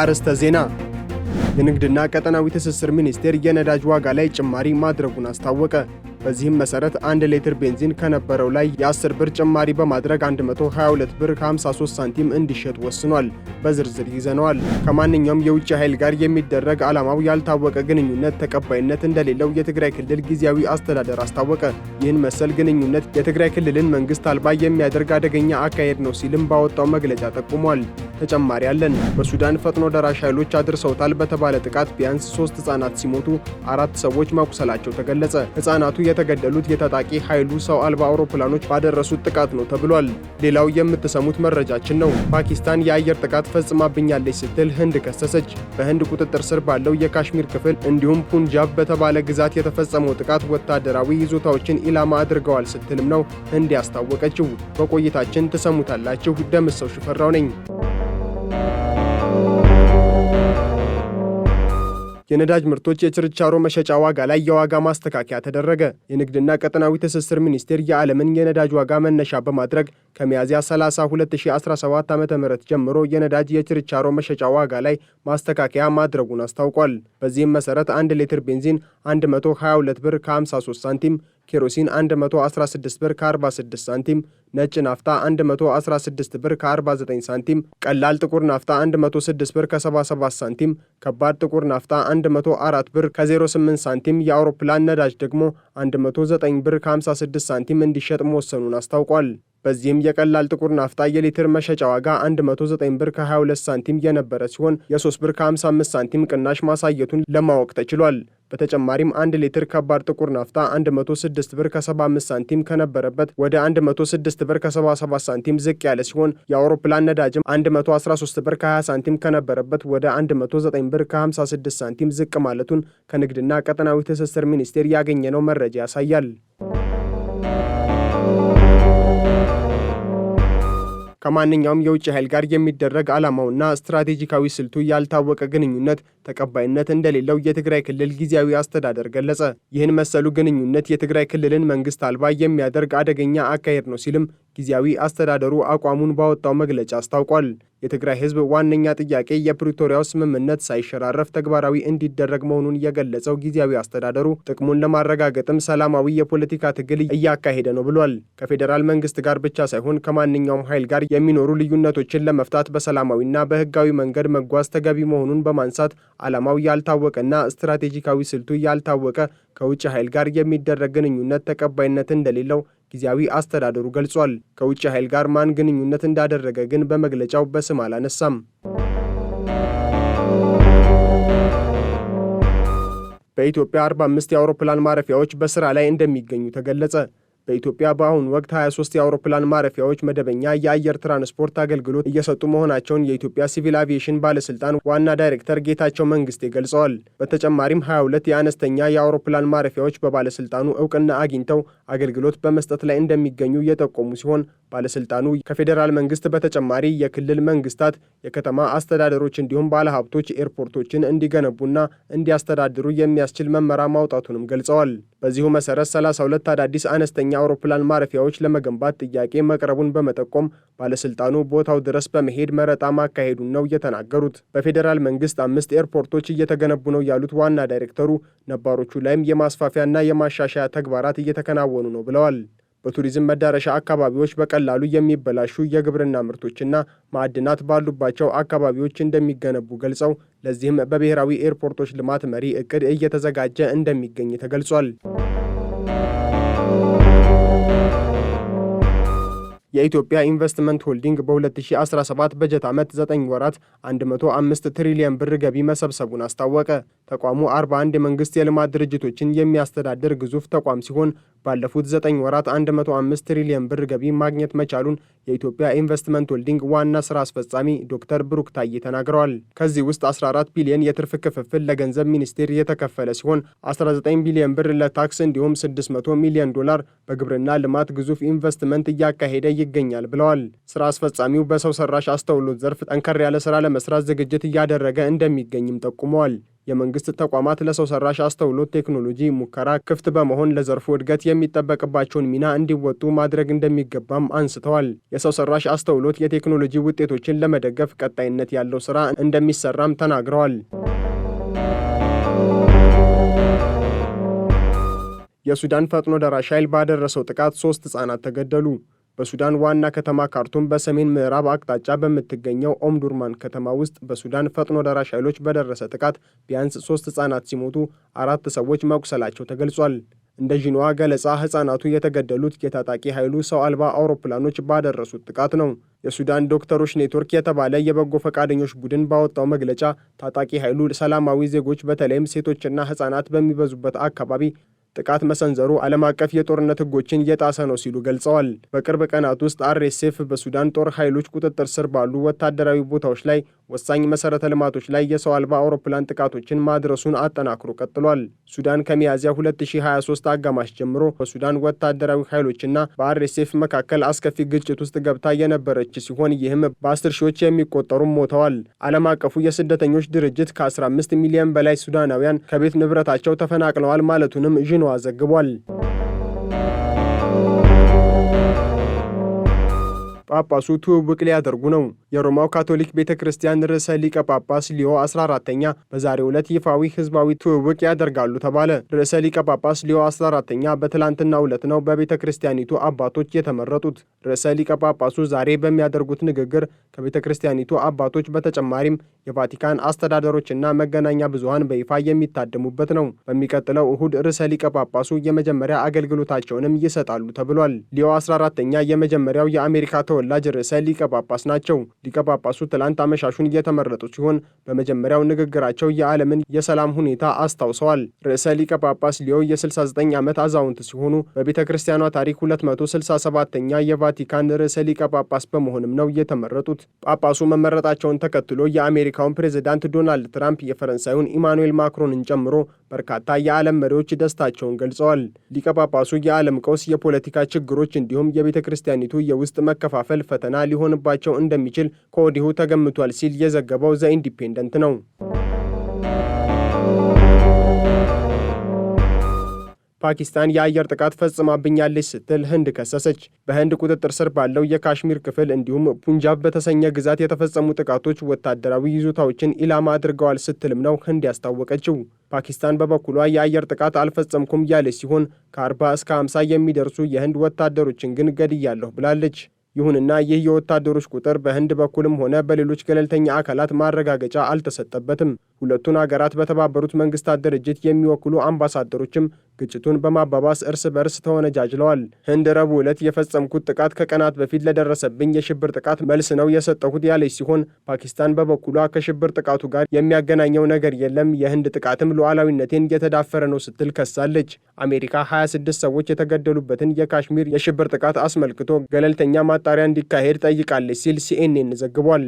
አርዕስተ ዜና። የንግድና ቀጠናዊ ትስስር ሚኒስቴር የነዳጅ ዋጋ ላይ ጭማሪ ማድረጉን አስታወቀ። በዚህም መሰረት አንድ ሌትር ቤንዚን ከነበረው ላይ የ10 ብር ጭማሪ በማድረግ 122 ብር ከ53 ሳንቲም እንዲሸጥ ወስኗል። በዝርዝር ይዘነዋል። ከማንኛውም የውጭ ኃይል ጋር የሚደረግ ዓላማው ያልታወቀ ግንኙነት ተቀባይነት እንደሌለው የትግራይ ክልል ጊዜያዊ አስተዳደር አስታወቀ። ይህን መሰል ግንኙነት የትግራይ ክልልን መንግስት አልባ የሚያደርግ አደገኛ አካሄድ ነው ሲልም ባወጣው መግለጫ ጠቁሟል። ተጨማሪ አለን። በሱዳን ፈጥኖ ደራሽ ኃይሎች አድርሰውታል በተባለ ጥቃት ቢያንስ ሶስት ህጻናት ሲሞቱ አራት ሰዎች መቁሰላቸው ተገለጸ። ህጻናቱ የተገደሉት የታጣቂ ኃይሉ ሰው አልባ አውሮፕላኖች ባደረሱት ጥቃት ነው ተብሏል። ሌላው የምትሰሙት መረጃችን ነው። ፓኪስታን የአየር ጥቃት ፈጽማብኛለች ስትል ህንድ ከሰሰች። በህንድ ቁጥጥር ስር ባለው የካሽሚር ክፍል እንዲሁም ፑንጃብ በተባለ ግዛት የተፈጸመው ጥቃት ወታደራዊ ይዞታዎችን ኢላማ አድርገዋል ስትልም ነው ህንድ ያስታወቀችው። በቆይታችን ትሰሙታላችሁ። ደምሰው ሽፈራው ነኝ። የነዳጅ ምርቶች የችርቻሮ መሸጫ ዋጋ ላይ የዋጋ ማስተካከያ ተደረገ። የንግድና ቀጠናዊ ትስስር ሚኒስቴር የዓለምን የነዳጅ ዋጋ መነሻ በማድረግ ከሚያዝያ 30 2017 ዓ.ም ጀምሮ የነዳጅ የችርቻሮ መሸጫ ዋጋ ላይ ማስተካከያ ማድረጉን አስታውቋል። በዚህም መሰረት አንድ ሊትር ቤንዚን 122 ብር ከ53 ሳንቲም ኬሮሲን 116 ብር ከ46 ሳንቲም፣ ነጭ ናፍታ 116 ብር ከ49 ሳንቲም፣ ቀላል ጥቁር ናፍታ 106 ብር ከ77 ሳንቲም፣ ከባድ ጥቁር ናፍታ 104 ብር ከ08 ሳንቲም፣ የአውሮፕላን ነዳጅ ደግሞ 109 ብር ከ56 ሳንቲም እንዲሸጥ መወሰኑን አስታውቋል። በዚህም የቀላል ጥቁር ናፍታ የሊትር መሸጫ ዋጋ 109 ብር ከ22 ሳንቲም የነበረ ሲሆን የ3 ብር ከ55 ሳንቲም ቅናሽ ማሳየቱን ለማወቅ ተችሏል። በተጨማሪም አንድ ሊትር ከባድ ጥቁር ናፍታ 106 ብር ከ75 ሳንቲም ከነበረበት ወደ 106 ብር ከ77 ሳንቲም ዝቅ ያለ ሲሆን የአውሮፕላን ነዳጅም 113 ብር ከ20 ሳንቲም ከነበረበት ወደ 109 ብር ከ56 ሳንቲም ዝቅ ማለቱን ከንግድና ቀጠናዊ ትስስር ሚኒስቴር ያገኘነው መረጃ ያሳያል። ከማንኛውም የውጭ ኃይል ጋር የሚደረግ ዓላማውና ስትራቴጂካዊ ስልቱ ያልታወቀ ግንኙነት ተቀባይነት እንደሌለው የትግራይ ክልል ጊዜያዊ አስተዳደር ገለጸ። ይህን መሰሉ ግንኙነት የትግራይ ክልልን መንግስት አልባ የሚያደርግ አደገኛ አካሄድ ነው ሲልም ጊዜያዊ አስተዳደሩ አቋሙን ባወጣው መግለጫ አስታውቋል። የትግራይ ህዝብ ዋነኛ ጥያቄ የፕሪቶሪያው ስምምነት ሳይሸራረፍ ተግባራዊ እንዲደረግ መሆኑን የገለጸው ጊዜያዊ አስተዳደሩ ጥቅሙን ለማረጋገጥም ሰላማዊ የፖለቲካ ትግል እያካሄደ ነው ብሏል። ከፌዴራል መንግስት ጋር ብቻ ሳይሆን ከማንኛውም ኃይል ጋር የሚኖሩ ልዩነቶችን ለመፍታት በሰላማዊና በህጋዊ መንገድ መጓዝ ተገቢ መሆኑን በማንሳት ዓላማው ያልታወቀና ስትራቴጂካዊ ስልቱ ያልታወቀ ከውጭ ኃይል ጋር የሚደረግ ግንኙነት ተቀባይነት እንደሌለው ጊዜያዊ አስተዳደሩ ገልጿል። ከውጭ ኃይል ጋር ማን ግንኙነት እንዳደረገ ግን በመግለጫው በስም አላነሳም። በኢትዮጵያ 45 የአውሮፕላን ማረፊያዎች በስራ ላይ እንደሚገኙ ተገለጸ። በኢትዮጵያ በአሁኑ ወቅት 23 የአውሮፕላን ማረፊያዎች መደበኛ የአየር ትራንስፖርት አገልግሎት እየሰጡ መሆናቸውን የኢትዮጵያ ሲቪል አቪዬሽን ባለስልጣን ዋና ዳይሬክተር ጌታቸው መንግስቴ ገልጸዋል። በተጨማሪም 22 የአነስተኛ የአውሮፕላን ማረፊያዎች በባለስልጣኑ እውቅና አግኝተው አገልግሎት በመስጠት ላይ እንደሚገኙ የጠቆሙ ሲሆን ባለስልጣኑ ከፌዴራል መንግስት በተጨማሪ የክልል መንግስታት፣ የከተማ አስተዳደሮች እንዲሁም ባለሀብቶች ኤርፖርቶችን እንዲገነቡና እንዲያስተዳድሩ የሚያስችል መመራ ማውጣቱንም ገልጸዋል። በዚሁ መሰረት 32 አዳዲስ አነስተኛ አውሮፕላን ማረፊያዎች ለመገንባት ጥያቄ መቅረቡን በመጠቆም ባለስልጣኑ ቦታው ድረስ በመሄድ መረጣ ማካሄዱን ነው የተናገሩት። በፌዴራል መንግስት አምስት ኤርፖርቶች እየተገነቡ ነው ያሉት ዋና ዳይሬክተሩ ነባሮቹ ላይም የማስፋፊያና የማሻሻያ ተግባራት እየተከናወኑ ነው ብለዋል። በቱሪዝም መዳረሻ አካባቢዎች በቀላሉ የሚበላሹ የግብርና ምርቶችና ማዕድናት ባሉባቸው አካባቢዎች እንደሚገነቡ ገልጸው ለዚህም በብሔራዊ ኤርፖርቶች ልማት መሪ እቅድ እየተዘጋጀ እንደሚገኝ ተገልጿል። የኢትዮጵያ ኢንቨስትመንት ሆልዲንግ በ2017 በጀት ዓመት 9 ወራት 105 ትሪሊየን ብር ገቢ መሰብሰቡን አስታወቀ። ተቋሙ 41 የመንግሥት የልማት ድርጅቶችን የሚያስተዳድር ግዙፍ ተቋም ሲሆን ባለፉት 9 ወራት 105 ትሪሊየን ብር ገቢ ማግኘት መቻሉን የኢትዮጵያ ኢንቨስትመንት ሆልዲንግ ዋና ሥራ አስፈጻሚ ዶክተር ብሩክ ታዬ ተናግረዋል። ከዚህ ውስጥ 14 ቢሊዮን የትርፍ ክፍፍል ለገንዘብ ሚኒስቴር የተከፈለ ሲሆን 19 ቢሊዮን ብር ለታክስ እንዲሁም 600 ሚሊዮን ዶላር በግብርና ልማት ግዙፍ ኢንቨስትመንት እያካሄደ ይገኛል ብለዋል። ስራ አስፈጻሚው በሰው ሰራሽ አስተውሎት ዘርፍ ጠንከር ያለ ስራ ለመስራት ዝግጅት እያደረገ እንደሚገኝም ጠቁመዋል። የመንግስት ተቋማት ለሰው ሰራሽ አስተውሎት ቴክኖሎጂ ሙከራ ክፍት በመሆን ለዘርፉ እድገት የሚጠበቅባቸውን ሚና እንዲወጡ ማድረግ እንደሚገባም አንስተዋል። የሰው ሰራሽ አስተውሎት የቴክኖሎጂ ውጤቶችን ለመደገፍ ቀጣይነት ያለው ስራ እንደሚሰራም ተናግረዋል። የሱዳን ፈጥኖ ደራሽ ኃይል ባደረሰው ጥቃት ሶስት ህጻናት ተገደሉ። በሱዳን ዋና ከተማ ካርቱም በሰሜን ምዕራብ አቅጣጫ በምትገኘው ኦምዱርማን ከተማ ውስጥ በሱዳን ፈጥኖ ደራሽ ኃይሎች በደረሰ ጥቃት ቢያንስ ሶስት ሕፃናት ሲሞቱ አራት ሰዎች መቁሰላቸው ተገልጿል። እንደ ዥንዋ ገለጻ ሕፃናቱ የተገደሉት የታጣቂ ኃይሉ ሰው አልባ አውሮፕላኖች ባደረሱት ጥቃት ነው። የሱዳን ዶክተሮች ኔትወርክ የተባለ የበጎ ፈቃደኞች ቡድን ባወጣው መግለጫ ታጣቂ ኃይሉ ሰላማዊ ዜጎች በተለይም ሴቶችና ሕፃናት በሚበዙበት አካባቢ ጥቃት መሰንዘሩ ዓለም አቀፍ የጦርነት ሕጎችን እየጣሰ ነው ሲሉ ገልጸዋል። በቅርብ ቀናት ውስጥ አርኤስኤፍ በሱዳን ጦር ኃይሎች ቁጥጥር ስር ባሉ ወታደራዊ ቦታዎች ላይ ወሳኝ መሠረተ ልማቶች ላይ የሰው አልባ አውሮፕላን ጥቃቶችን ማድረሱን አጠናክሮ ቀጥሏል። ሱዳን ከሚያዝያ 2023 አጋማሽ ጀምሮ በሱዳን ወታደራዊ ኃይሎችና በአርኤስኤፍ መካከል አስከፊ ግጭት ውስጥ ገብታ የነበረች ሲሆን ይህም በአስር ሺዎች የሚቆጠሩም ሞተዋል። ዓለም አቀፉ የስደተኞች ድርጅት ከ15 ሚሊዮን በላይ ሱዳናውያን ከቤት ንብረታቸው ተፈናቅለዋል ማለቱንም ዥንዋ ዘግቧል። ጳጳሱ ትውውቅ ሊያደርጉ ነው። የሮማው ካቶሊክ ቤተ ክርስቲያን ርዕሰ ሊቀ ጳጳስ ሊዮ 14ተኛ በዛሬው ዕለት ይፋዊ ህዝባዊ ትውውቅ ያደርጋሉ ተባለ። ርዕሰ ሊቀ ጳጳስ ሊዮ 14ተኛ በትላንትናው ዕለት ነው በቤተ ክርስቲያኒቱ አባቶች የተመረጡት። ርዕሰ ሊቀ ጳጳሱ ዛሬ በሚያደርጉት ንግግር ከቤተ ክርስቲያኒቱ አባቶች በተጨማሪም የቫቲካን አስተዳደሮችና መገናኛ ብዙሃን በይፋ የሚታደሙበት ነው። በሚቀጥለው እሁድ ርዕሰ ሊቀ ጳጳሱ የመጀመሪያ አገልግሎታቸውንም ይሰጣሉ ተብሏል። ሊዮ 14ተኛ የመጀመሪያው የአሜሪካ ተወ ተወላጅ ርዕሰ ሊቀ ጳጳስ ናቸው። ሊቀ ጳጳሱ ትላንት አመሻሹን እየተመረጡ ሲሆን በመጀመሪያው ንግግራቸው የዓለምን የሰላም ሁኔታ አስታውሰዋል። ርዕሰ ሊቀ ጳጳስ ሊዮ የ69 ዓመት አዛውንት ሲሆኑ በቤተ ክርስቲያኗ ታሪክ 267ኛ የቫቲካን ርዕሰ ሊቀ ጳጳስ በመሆንም ነው እየተመረጡት። ጳጳሱ መመረጣቸውን ተከትሎ የአሜሪካውን ፕሬዝዳንት ዶናልድ ትራምፕ የፈረንሳዩን ኢማኑኤል ማክሮንን ጨምሮ በርካታ የዓለም መሪዎች ደስታቸውን ገልጸዋል። ሊቀ ጳጳሱ የዓለም ቀውስ፣ የፖለቲካ ችግሮች እንዲሁም የቤተ ክርስቲያኒቱ የውስጥ መከፋፈል መክፈል ፈተና ሊሆንባቸው እንደሚችል ከወዲሁ ተገምቷል ሲል የዘገበው ዘ ኢንዲፔንደንት ነው። ፓኪስታን የአየር ጥቃት ፈጽማብኛለች ስትል ህንድ ከሰሰች። በህንድ ቁጥጥር ስር ባለው የካሽሚር ክፍል እንዲሁም ፑንጃብ በተሰኘ ግዛት የተፈጸሙ ጥቃቶች ወታደራዊ ይዞታዎችን ኢላማ አድርገዋል ስትልም ነው ህንድ ያስታወቀችው። ፓኪስታን በበኩሏ የአየር ጥቃት አልፈጸምኩም ያለች ሲሆን ከ40 እስከ 50 የሚደርሱ የህንድ ወታደሮችን ግን ገድያለሁ ብላለች። ይሁንና ይህ የወታደሮች ቁጥር በህንድ በኩልም ሆነ በሌሎች ገለልተኛ አካላት ማረጋገጫ አልተሰጠበትም። ሁለቱን አገራት በተባበሩት መንግስታት ድርጅት የሚወክሉ አምባሳደሮችም ግጭቱን በማባባስ እርስ በርስ ተወነጃጅለዋል። ህንድ ረቡዕ ዕለት የፈጸምኩት ጥቃት ከቀናት በፊት ለደረሰብኝ የሽብር ጥቃት መልስ ነው የሰጠሁት ያለች ሲሆን ፓኪስታን በበኩሏ ከሽብር ጥቃቱ ጋር የሚያገናኘው ነገር የለም፣ የህንድ ጥቃትም ሉዓላዊነቴን እየተዳፈረ ነው ስትል ከሳለች። አሜሪካ 26 ሰዎች የተገደሉበትን የካሽሚር የሽብር ጥቃት አስመልክቶ ገለልተኛ ማጣሪያ እንዲካሄድ ጠይቃለች ሲል ሲኤንኤን ዘግቧል።